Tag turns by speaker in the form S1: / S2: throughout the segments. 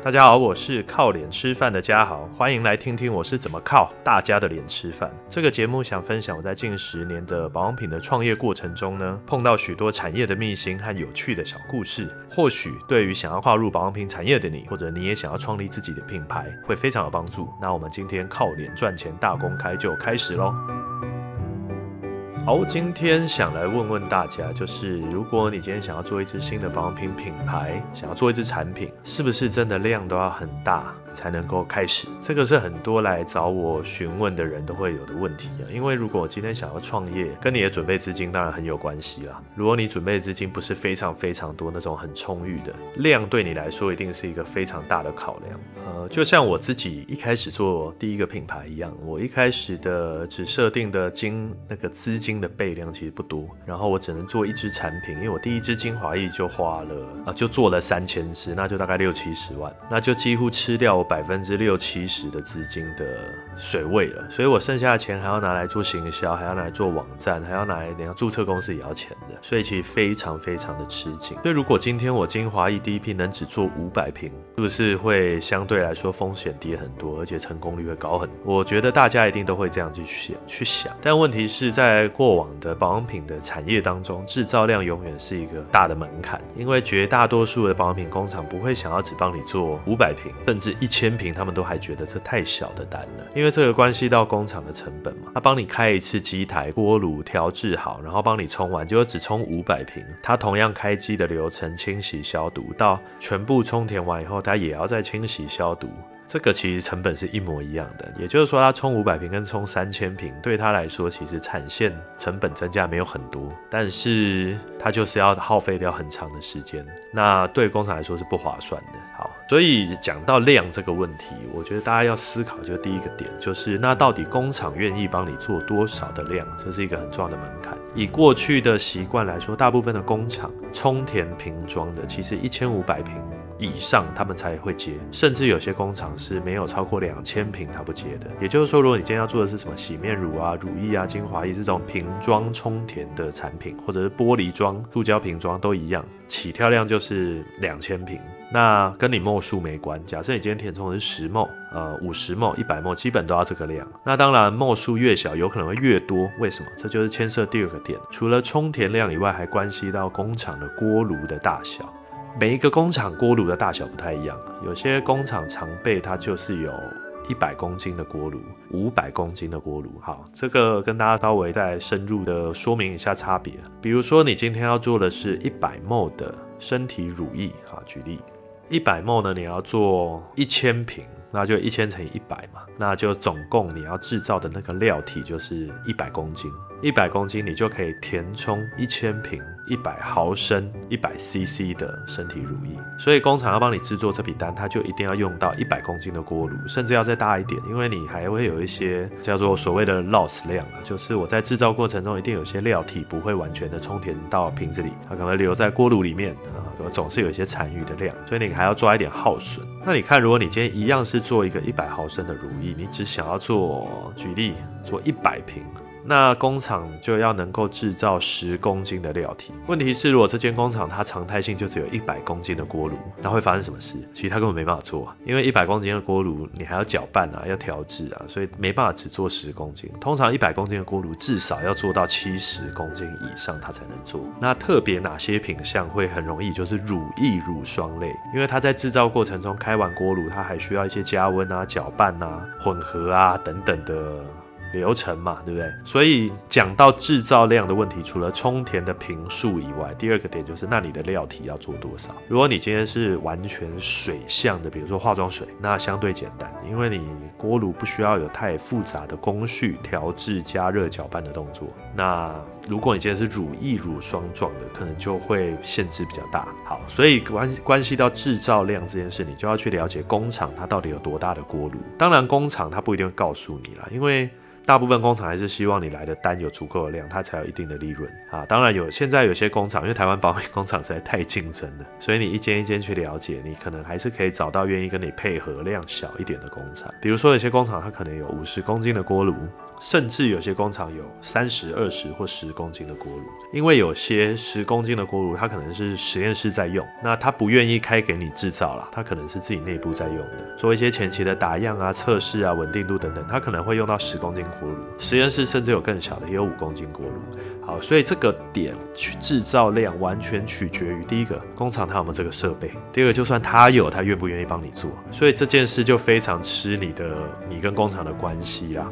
S1: 大家好，我是靠臉吃飯的嘉豪，歡迎來聽聽我是怎麼靠大家的臉吃飯。這個節目想分享我在近十年的保養品的創業過程中呢，碰到許多產業的秘辛和有趣的小故事，或許對於想要跨入保養品產業的你，或者你也想要創立自己的品牌，會非常有幫助。那我們今天靠臉賺錢大公開就開始嘍。好，今天想來問問大家，就是如果你今天想要做一支新的保養品品牌，想要做一支產品，是不是真的量都要很大才能夠開始？這個是很多來找我詢問的人都會有的問題啊。因為如果我今天想要創業，跟你的準備資金當然很有關係啦。如果你準備資金不是非常非常多，那種很充裕的量，對你來說一定是一個非常大的考量。呃，就像我自己一開始做第一個品牌一樣，我一開始的只設定的金那個資金。新的備量其實不多，然後我只能做一支產品，因為我第一支精華液就花了啊，就做了三千支，那就大概六七十萬，那就幾乎吃掉我百分之六七十的資金的水位了。所以我剩下的錢還要拿來做行銷，還要拿來做網站，還要拿來等下註冊公司也要錢的，所以其實非常非常的吃緊。所以如果今天我精華液第一批能只做五百瓶，是不是會相對來說風險低很多，而且成功率會高很多？我覺得大家一定都會這樣去想，去想。但問題是在。過往的保養品的產業當中，製造量永遠是一個大的門檻，因為絕大多數的保養品工廠不會想要只幫你做五百瓶，甚至一千瓶，他們都還覺得這太小的單了，因為這個關係到工廠的成本嘛。他幫你開一次機台、鍋爐調製好，然後幫你沖完，結果只沖五百瓶，他同樣開機的流程、清洗消毒，到全部充填完以後，他也要再清洗消毒，這個其實成本是一模一樣的，也就是說，它充五百瓶跟充三千瓶，對他來說其實產線成本增加沒有很多，但是它就是要耗費掉很長的時間，那對工廠來說是不划算的。好，所以講到量這個問題，我覺得大家要思考，就是第一個點就是，那到底工廠願意幫你做多少的量，這是一個很重要的門檻。以過去的習慣來說，大部分的工廠充填瓶裝的，其實一千五百瓶以上他們才會接，甚至有些工廠是沒有超過兩千瓶他不接的。也就是說，如果你今天要做的是什麼洗面乳啊、乳液啊、精華液這種瓶裝充填的產品，或者是玻璃裝、塑膠瓶裝都一樣，起跳量就是兩千瓶。那跟你 ml 數沒關。假設你今天填充的是十 ml、呃，呃五十 ml、一百 ml，基本都要這個量。那當然 ml 數越小，有可能會越多。為什麼？這就是牽涉第二個點，除了充填量以外，還關係到工廠的鍋爐的大小。每一個工廠鍋爐的大小不太一樣，有些工廠常備它就是有一百公斤的鍋爐，五百公斤的鍋爐。好，這個跟大家稍微再深入的說明一下差別。比如說你今天要做的是一百 ml 的身體乳液，好，舉例，一百 ml 呢，你要做一千瓶，那就一千乘以一百嘛，那就總共你要制造的那個料體就是一百公斤，一百公斤你就可以填充一千瓶。一百毫升、一百 CC 的身體乳液，所以工廠要幫你制作這筆單，它就一定要用到一百公斤的鍋爐，甚至要再大一點，因為你還會有一些叫做所謂的 loss 量啊，就是我在製造過程中一定有些料體不會完全的充填到瓶子裡，它可能留在鍋爐裡面啊，總是有一些殘餘的量，所以你還要抓一點耗損。那你看，如果你今天一樣是做一個一百毫升的乳液，你只想要做，舉例做一百瓶。那工廠就要能夠製造十公斤的料體。問題是，如果這間工廠它常態性就只有一百公斤的鍋爐，那會發生什麼事？其實它根本沒辦法做啊，因為一百公斤的鍋爐，你還要攪拌啊，要調製啊，所以沒辦法只做十公斤。通常一百公斤的鍋爐至少要做到七十公斤以上，它才能做。那特別哪些品項會很容易，就是乳液、乳霜類，因為它在製造過程中開完鍋爐，它還需要一些加溫啊、攪拌啊、混合啊等等的。流程嘛，對不對？所以講到製造量的問題，除了充填的瓶數以外，第二個點就是那你的料體要做多少？如果你今天是完全水相的，比如說化妝水，那相對簡單，因為你鍋爐不需要有太複雜的工序、調製、加熱、攪拌的動作。那如果你今天是乳液、乳霜狀的，可能就會限制比較大。好，所以關關係到製造量這件事，你就要去了解工廠它到底有多大的鍋爐。當然，工廠它不一定會告訴你啦，因為。大部分工廠還是希望你來的單有足夠的量，它才有一定的利潤啊。當然有，現在有些工廠，因為台灣保養工廠實在太競爭了，所以你一間一間去了解，你可能還是可以找到願意跟你配合量小一點的工廠。比如說有些工廠它可能有五十公斤的鍋爐，甚至有些工廠有三十、二十或十公斤的鍋爐。因為有些十公斤的鍋爐，它可能是實驗室在用，那它不願意開給你製造啦，它可能是自己內部在用的，做一些前期的打樣啊、測試啊、穩定度等等，它可能會用到十公斤。鍋爐實驗室甚至有更小的，也有五公斤鍋爐。好，所以這個點去製造量完全取決於第一個，工廠他有沒有這個設備；第二個，就算他有，他願不願意幫你做。所以這件事就非常吃你的，你跟工廠的關係啦。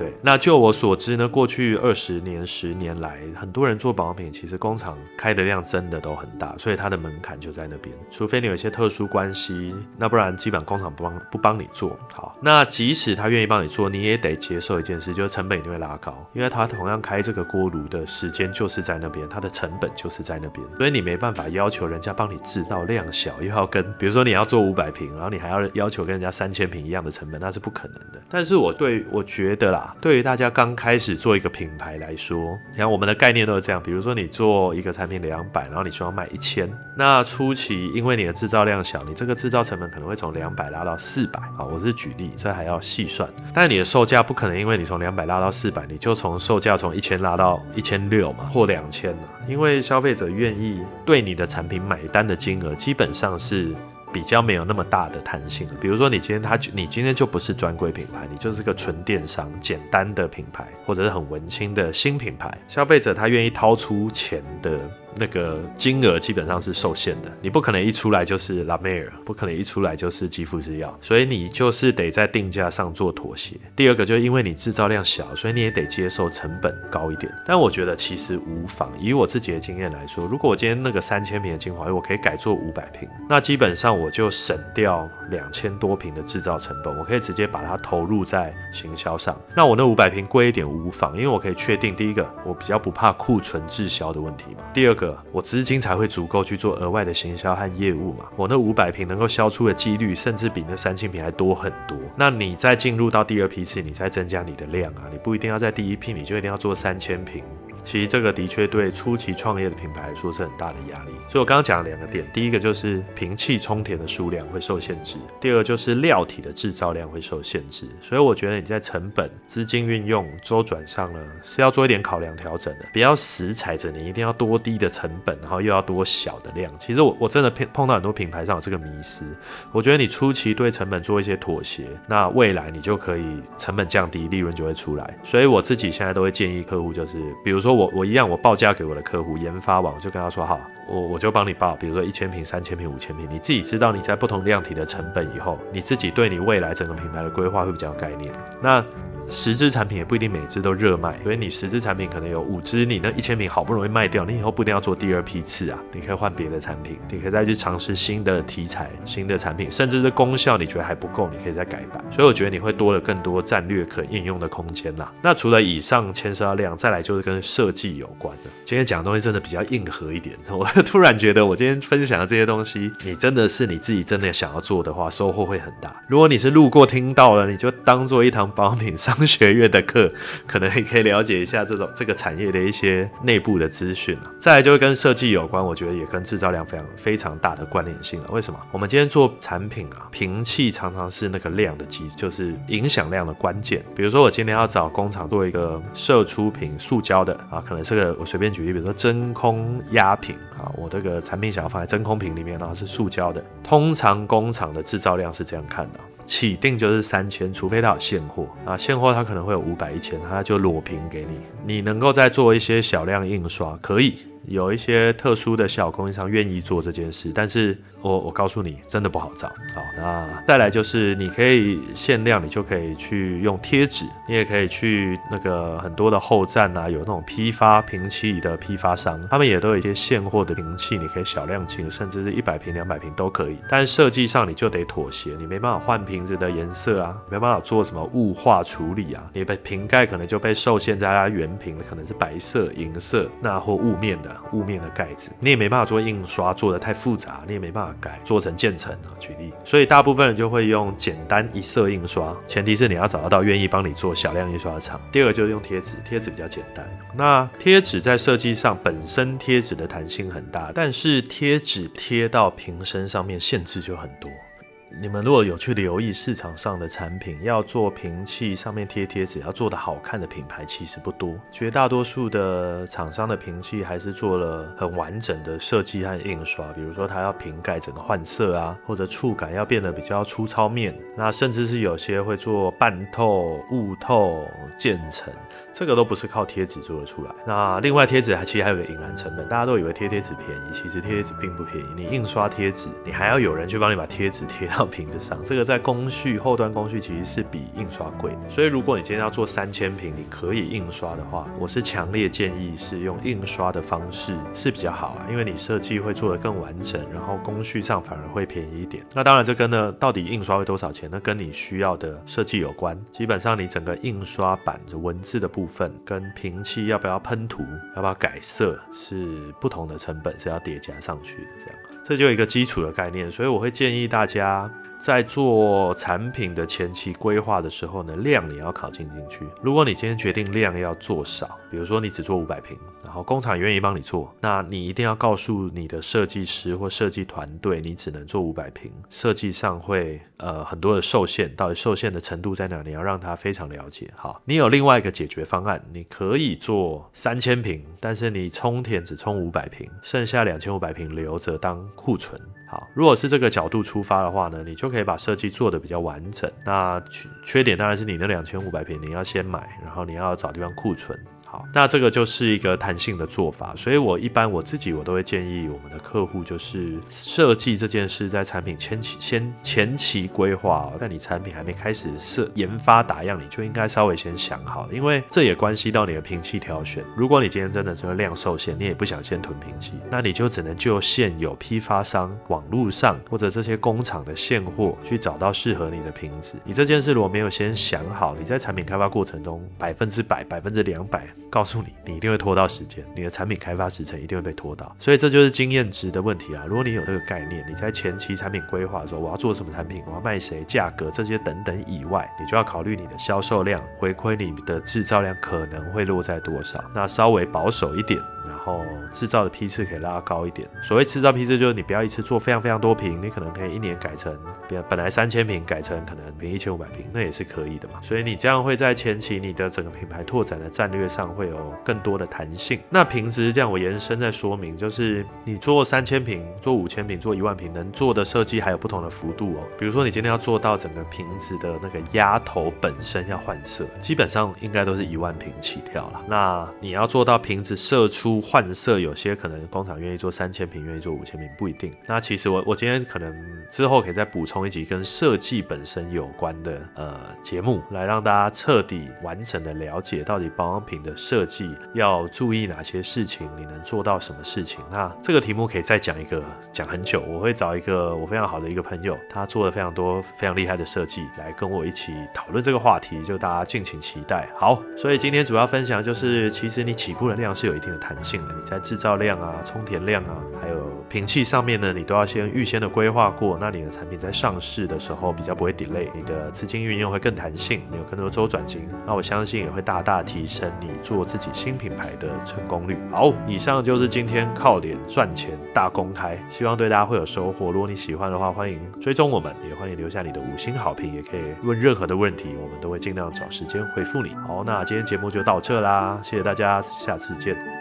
S1: 對，那就我所知呢，過去二十年、十年來，很多人做保養品，其實工廠開的量真的都很大，所以它的門檻就在那邊。除非你有一些特殊關係，那不然基本上工廠不幫不幫你做。好，那即使他願意幫你做，你也得接受一件事，就是成本一定會拉高，因為他同樣開這個鍋爐的時間就是在那邊，它的成本就是在那邊，所以你沒辦法要求人家幫你制造量小，又要跟比如說你要做五百瓶，然後你還要要求跟人家三千瓶一樣的成本，那是不可能的。但是我對我覺得啦。對於大家剛開始做一個品牌來說，你看我們的概念都是這樣，比如說你做一個產品兩百，然後你需要賣一千，那初期因為你的製造量小，你這個製造成本可能會從兩百拉到四百，啊，我是舉例，這還要細算，但你的售價不可能因為你從兩百拉到四百，你就從售價從一千拉到一千六嘛，或兩千嘛。因為消費者願意對你的產品買單的金額基本上是。比較沒有那麼大的彈性，比如說，你今天他，你今天就不是專櫃品牌，你就是個純電商、簡單的品牌，或者是很文青的新品牌，消費者他願意掏出錢的。那個金額基本上是受限的，你不可能一出來就是拉梅爾，不可能一出來就是肌膚之鑰，所以你就是得在定價上做妥協。第二個，就因為你製造量小，所以你也得接受成本高一點。但我覺得其實無妨，以我自己的經驗來說，如果我今天那個三千瓶的精華液，我可以改做五百瓶，那基本上我就省掉兩千多瓶的製造成本，我可以直接把它投入在行銷上。那我那五百瓶貴一點無妨，因為我可以確定，第一個我比較不怕庫存滯銷的問題嘛，第二個。個，我資金才會足夠去做額外的行銷和業務嘛。我那五百瓶能夠銷出的幾率，甚至比那三千瓶還多很多。那你再進入到第二批次，你再增加你的量啊，你不一定要在第一批你就一定要做三千瓶。其實這個的確對初期創業的品牌來說是很大的壓力，所以我剛剛講了兩個點，第一個就是瓶器充填的數量會受限制，第二個就是料體的製造量會受限制，所以我覺得你在成本、資金運用、週轉上呢是要做一點考量調整的。不要死踩著你一定要多低的成本，然後又要多小的量。其實我我真的碰碰到很多品牌上有這個迷思，我覺得你初期對成本做一些妥協，那未來你就可以成本降低，利潤就會出來。所以我自己現在都會建議客戶，就是比如說。我我一樣，我報價給我的客戶研發完，就跟他說好，我我就幫你報，比如說一千瓶、三千瓶、五千瓶，你自己知道你在不同量體的成本以後，你自己對你未來整個品牌的規劃會比較有概念。那。十支產品也不一定每支都熱賣，所以你十支產品可能有五支，你那一千瓶好不容易賣掉，你以後不一定要做第二批次啊，你可以換別的產品，你可以再去嘗試新的題材、新的產品，甚至是功效，你覺得還不夠，你可以再改版。所以我覺得你會多了更多戰略可應用的空間啦。那除了以上牽涉到量，再來就是跟設計有關的。今天講的東西真的比較硬核一點，我突然覺得我今天分享的這些東西，你真的是你自己真的想要做的話，收穫會很大。如果你是路過聽到了，你就當做一堂保養品上學院的課，可能也可以了解一下這種這個產業的一些內部的資訊啊，再來就是跟設計有關，我覺得也跟製造量非常非常大的關聯性了。為什麼？我們今天做產品啊，瓶器常常是那個量的基，就是影響量的關鍵。比如說，我今天要找工廠做一個射出瓶，塑膠的啊，可能是個我隨便舉例，比如說真空壓瓶啊，我這個產品想要放在真空瓶裡面，然後是塑膠的，通常工廠的製造量是這樣看的。起訂就是三千，除非他有現貨啊，現貨他可能會有五百一千，他就裸瓶給你。你能夠再做一些小量印刷，可以。有一些特殊的小供應商願意做這件事，但是我我告訴你，真的不好找。好，那再來就是你可以限量，你就可以去用貼紙，你也可以去那個很多的後站啊，有那種批發瓶器的批發商，他們也都有一些現貨的瓶器，你可以小量進，甚至是一百瓶、兩百瓶都可以。但設計上你就得妥協，你沒辦法換瓶子的顏色啊，你沒辦法做什麼霧化處理啊，你被瓶蓋可能就被受限在它原瓶的，可能是白色、銀色，那或霧面的。霧面的蓋子，你也沒辦法做印刷，做得太複雜，你也沒辦法改，做成漸層。舉例，所以大部分人就會用簡單一色印刷，前提是你要找得到願意幫你做小量印刷的廠。第二個就是用貼紙，貼紙比較簡單。那貼紙在設計上本身貼紙的彈性很大，但是貼紙貼到瓶身上面限制就很多。你們如果有去留意市場上的產品，要做瓶器上面貼貼紙，要做的好看的品牌其實不多，絕大多數的廠商的瓶器還是做了很完整的設計和印刷。比如說，它要瓶蓋整個換色啊，或者觸感要變得比較粗糙面，那甚至是有些會做半透、霧透漸層，這個都不是靠貼紙做得出來。那另外，貼紙還其實還有個隱含成本，大家都以為貼貼紙便宜，其實貼紙並不便宜。你印刷貼紙，你還要有人去幫你把貼紙貼到。瓶子上，這個在工序後端工序其實是比印刷貴，所以如果你今天要做三千瓶，你可以印刷的話，我是強烈建議是用印刷的方式是比較好啊，因為你設計會做得更完整，然後工序上反而會便宜一點。那當然，這個呢，到底印刷會多少錢，那跟你需要的設計有關。基本上你整個印刷版文字的部分，跟瓶器要不要噴塗，要不要改色，是不同的成本是要疊加上去的這樣。這就一個基礎的概念，所以我會建議大家。在做產品的前期規劃的時候呢，量你要考進進去。如果你今天決定量要做少，比如說你只做五百平，然後工廠也願意幫你做，那你一定要告訴你的設計師或設計團隊，你只能做五百平，設計上會呃很多的受限，到底受限的程度在哪裡，你要讓他非常了解。好，你有另外一個解決方案，你可以做三千平，但是你充填只充五百平，剩下兩千五百平留着當庫存。好，如果是這個角度出發的話呢，你就可以把設計做得比較完整。那缺缺點當然是你那兩千五百瓶你要先買，然後你要找地方庫存。好，那這個就是一個彈性的做法，所以我一般我自己我都會建議我們的客戶，就是設計這件事在產品前期先前期規劃哦，但你產品還沒開始設研發打樣，你就應該稍微先想好，因為這也關係到你的瓶器挑選。如果你今天真的是量受限，你也不想先囤瓶器，那你就只能就現有批發商、網絡上或者這些工廠的現貨去找到適合你的瓶子。你這件事如果沒有先想好，你在產品開發過程中百分之百、百分之兩百。告訴你，你一定會拖到時間，你的產品開發時程一定會被拖到，所以這就是經驗值的問題啊。如果你有這個概念，你在前期產品規劃的時候，我要做什麼產品，我要賣誰，價格這些等等以外，你就要考慮你的銷售量，回饋你的制造量可能會落在多少。那稍微保守一點，然後制造的批次可以拉高一點。所謂制造批次，就是你不要一次做非常非常多瓶，你可能可以一年改成，本來三千瓶改成可能每一千五百瓶，那也是可以的嘛。所以你這樣會在前期你的整個品牌拓展的戰略上會有更多的彈性。那瓶子這樣，我延伸再說明，就是你做三千瓶，做五千瓶，做一萬瓶，能做的設計還有不同的幅度哦。比如說，你今天要做到整個瓶子的那個壓頭本身要換色，基本上應該都是一萬瓶起跳了。那你要做到瓶子射出換色，有些可能工廠願意做三千瓶，願意做五千瓶不一定。那其實我我今天可能之後可以再補充一集跟設計本身有關的呃節目，來讓大家徹底完整的了解到底保養品的設計要注意哪些事情？你能做到什麼事情？那這個題目可以再講一個，講很久。我會找一個我非常好的一個朋友，他做了非常多非常厲害的設計，來跟我一起討論這個話題，就大家敬請期待。好，所以今天主要分享就是，其實你起步的量是有一定的彈性的，你在製造量啊、充填量啊，還有瓶器上面呢，你都要先預先的規劃過。那你的產品在上市的時候比較不會 delay，你的資金運用會更彈性，你有更多週轉金。那我相信也會大大的提升你。做自己新品牌的成功率。好，以上就是今天靠臉賺錢大公開，希望對大家會有收穫。如果你喜歡的話，歡迎追蹤我們，也歡迎留下你的五星好評，也可以問任何的問題，我們都會盡量找時間回復你。好，那今天節目就到這啦，謝謝大家，下次見。